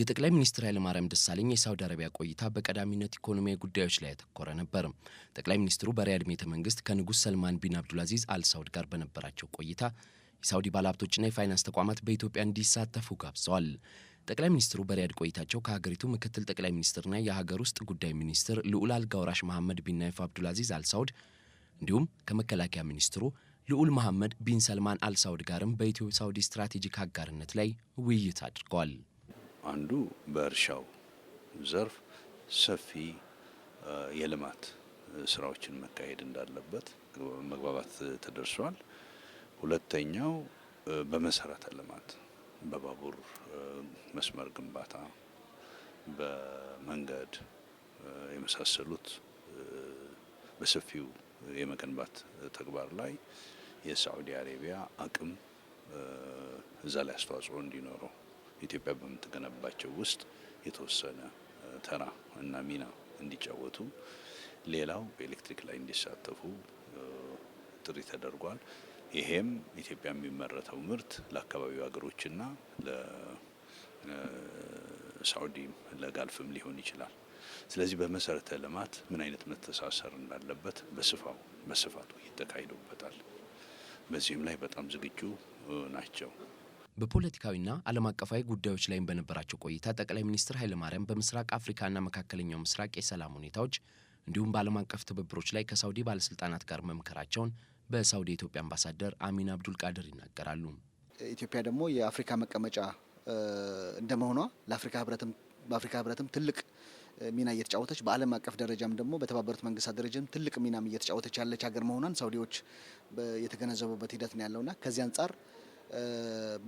የጠቅላይ ሚኒስትር ኃይለማርያም ደሳለኝ የሳውዲ አረቢያ ቆይታ በቀዳሚነት ኢኮኖሚያዊ ጉዳዮች ላይ ያተኮረ ነበር። ጠቅላይ ሚኒስትሩ በሪያድ ቤተ መንግስት ከንጉሥ ሰልማን ቢን አብዱልአዚዝ አልሳውድ ጋር በነበራቸው ቆይታ የሳውዲ ባለሀብቶችና የፋይናንስ ተቋማት በኢትዮጵያ እንዲሳተፉ ጋብዘዋል። ጠቅላይ ሚኒስትሩ በሪያድ ቆይታቸው ከሀገሪቱ ምክትል ጠቅላይ ሚኒስትርና የሀገር ውስጥ ጉዳይ ሚኒስትር ልዑል አልጋውራሽ መሐመድ ቢን ናይፍ አብዱልአዚዝ አልሳውድ እንዲሁም ከመከላከያ ሚኒስትሩ ልዑል መሐመድ ቢን ሰልማን አልሳውድ ጋርም በኢትዮ ሳውዲ ስትራቴጂክ አጋርነት ላይ ውይይት አድርገዋል። አንዱ በእርሻው ዘርፍ ሰፊ የልማት ስራዎችን መካሄድ እንዳለበት መግባባት ተደርሷል። ሁለተኛው በመሰረተ ልማት በባቡር መስመር ግንባታ፣ በመንገድ የመሳሰሉት በሰፊው የመገንባት ተግባር ላይ የሳዑዲ አረቢያ አቅም እዛ ላይ አስተዋጽኦ እንዲኖረው ኢትዮጵያ በምትገነባቸው ውስጥ የተወሰነ ተራ እና ሚና እንዲጫወቱ፣ ሌላው በኤሌክትሪክ ላይ እንዲሳተፉ ጥሪ ተደርጓል። ይሄም ኢትዮጵያ የሚመረተው ምርት ለአካባቢው ሀገሮችና ለሳውዲም ለጋልፍም ሊሆን ይችላል። ስለዚህ በመሰረተ ልማት ምን አይነት መተሳሰር እንዳለበት በስፋው በስፋቱ ይተካሂዶበታል። በዚህም ላይ በጣም ዝግጁ ናቸው። በፖለቲካዊና ዓለም አቀፋዊ ጉዳዮች ላይም በነበራቸው ቆይታ ጠቅላይ ሚኒስትር ኃይለማርያም በምስራቅ አፍሪካና መካከለኛው ምስራቅ የሰላም ሁኔታዎች እንዲሁም በዓለም አቀፍ ትብብሮች ላይ ከሳውዲ ባለስልጣናት ጋር መምከራቸውን በሳውዲ የኢትዮጵያ አምባሳደር አሚን አብዱል ቃድር ይናገራሉ። ኢትዮጵያ ደግሞ የአፍሪካ መቀመጫ እንደመሆኗ ለአፍሪካ ህብረትም በአፍሪካ ህብረትም ትልቅ ሚና እየተጫወተች በዓለም አቀፍ ደረጃም ደግሞ በተባበሩት መንግስታት ደረጃም ትልቅ ሚናም እየተጫወተች ያለች ሀገር መሆኗን ሳውዲዎች የተገነዘቡበት ሂደት ነው ያለውና ከዚህ አንጻር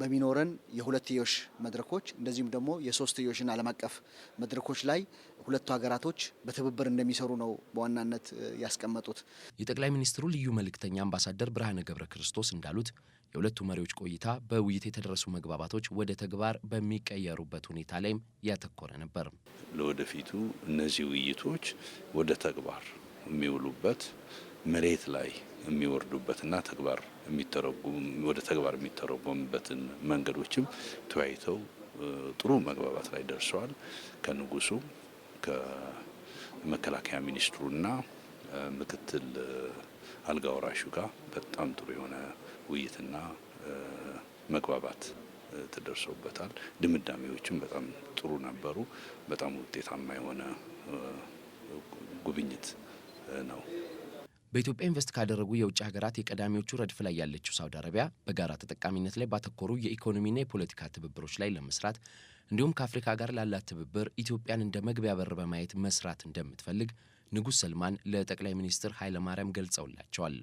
በሚኖረን የሁለትዮሽ መድረኮች እንደዚሁም ደግሞ የሶስትዮሽን ዓለም አቀፍ መድረኮች ላይ ሁለቱ ሀገራቶች በትብብር እንደሚሰሩ ነው በዋናነት ያስቀመጡት። የጠቅላይ ሚኒስትሩ ልዩ መልእክተኛ አምባሳደር ብርሃነ ገብረ ክርስቶስ እንዳሉት የሁለቱ መሪዎች ቆይታ በውይይት የተደረሱ መግባባቶች ወደ ተግባር በሚቀየሩበት ሁኔታ ላይም ያተኮረ ነበር። ለወደፊቱ እነዚህ ውይይቶች ወደ ተግባር የሚውሉበት መሬት ላይ የሚወርዱበትና ተግባር ወደ ተግባር የሚተረጎምበትን መንገዶችም ተወያይተው ጥሩ መግባባት ላይ ደርሰዋል። ከንጉሱ ከመከላከያ ሚኒስትሩና ምክትል አልጋ ወራሹ ጋር በጣም ጥሩ የሆነ ውይይትና መግባባት ተደርሰውበታል። ድምዳሜዎችም በጣም ጥሩ ነበሩ። በጣም ውጤታማ የሆነ ጉብኝት ነው። በኢትዮጵያ ኢንቨስት ካደረጉ የውጭ ሀገራት የቀዳሚዎቹ ረድፍ ላይ ያለችው ሳውዲ አረቢያ በጋራ ተጠቃሚነት ላይ ባተኮሩ የኢኮኖሚና የፖለቲካ ትብብሮች ላይ ለመስራት እንዲሁም ከአፍሪካ ጋር ላላት ትብብር ኢትዮጵያን እንደ መግቢያ በር በማየት መስራት እንደምትፈልግ ንጉሥ ሰልማን ለጠቅላይ ሚኒስትር ኃይለማርያም ገልጸውላቸዋል።